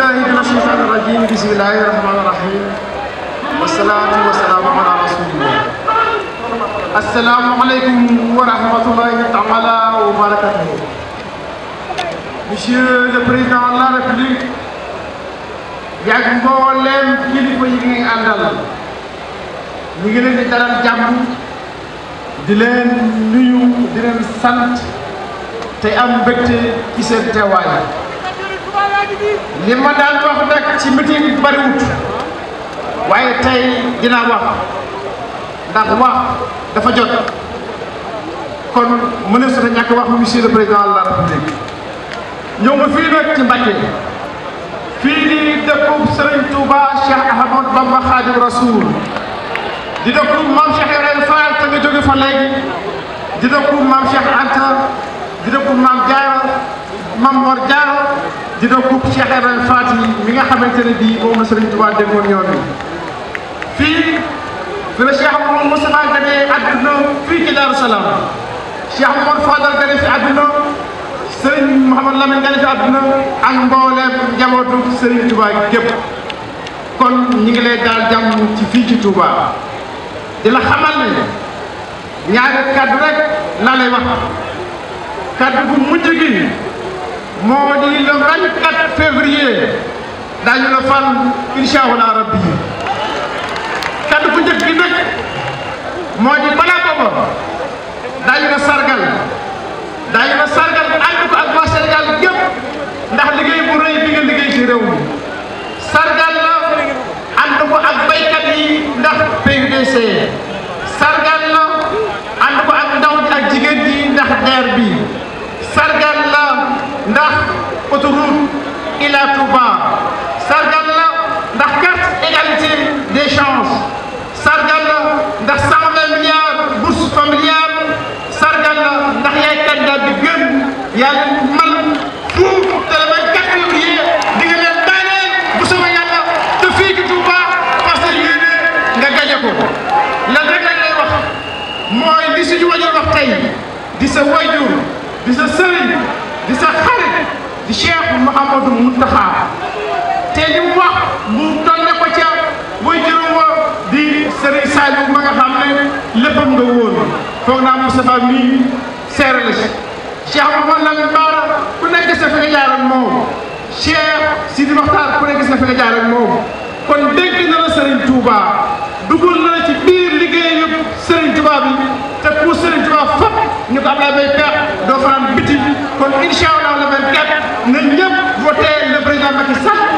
billahi min ashaytani rajim bismillahi rahmani rahim wasalaatu wasalaamu ala rasulillah asalaamaaleykum wa rahmatullahi taala wa barakatuhu monsieur le président de la république yàgg mbooleem kilifa yi ngay àndal ñu ngi leen di dalal jàmm di leen nuyu di leen sant te am mbégte ci seen teewaay li ma daan wax nag ci meeting bariwut waaye tey dinaa wax ndax wax dafa jot kon mënees na ñàkk wax monsieur le président de la république ñëw ma fii nag ci fii di dëkkub Serigne Touba Cheikh Ahmadou Bamba Khadim Rasoul di dëkkub maam Cheikh Ibrahima Fall te nga jóge fa léegi di dëkkub maam Cheikh Anta di dëkkub maam Diarra maam Mor Diarra di dëkkub Cheikh Ibrahima Faty mi nga xamante ne bii moom la Serigne Touba déggoon yoon wi fii fi la Cheikh Mouhamadou Moustapha ganee àdduna fii ci Darou Salaam Cheikh Mouhamadou Fadal ganee fi àdduna Serigne Mouhamadou Lamine ganee fi àdduna ak mbooleem njabootu Serigne Touba gépp kon ñi ngi lay daal fii ci Touba di la xamal ne ñaari kaddu rek laa lay wax kaddu bu mujj moo di le 24 février daañu la fal incha allah rabbi kaddu bu njëkk bi moo di balaa booba daañu la sargal daañu la sargal ànd ko ak waa Sénégal ndax liggéey bu rëy bi nga liggéey ci réew mi sargal la ànd ko ak baykat yi ndax PUDC. Touba sargal la ndax carte égalité des chances sargal la ndax cent vingt milliards bourse familiale sargal la ndax yaay candidat bi gën yaa man fuuf te la may quatre février di nga leen daaneel bu sama yàlla te fii ci Touba parce que yéen nga gañe ko lan rek lañ lay wax mooy li suñu wajur wax tey di sa wajur di sa sëriñ di sa xarit di Cheikh Mouhamadou Mountakha te li mu wax mu doon ko ca muy jëloon woon di Serigne Saliou ma nga xam ne léppam nga wóor foog naa Moustapha mii seere la si Cheikh Mouhamadou Lamine Bara ku nekk gis na fi nga jaaroon moomu Cheikh Sidi Mokhtar ku nekk gis na fi nga jaaroon moomu kon dégg na la Serigne Touba. Ablaye Mbaye Pekh doo fanaan biti kon incha allah le 24 na ñëpp voté le président Macky Sall.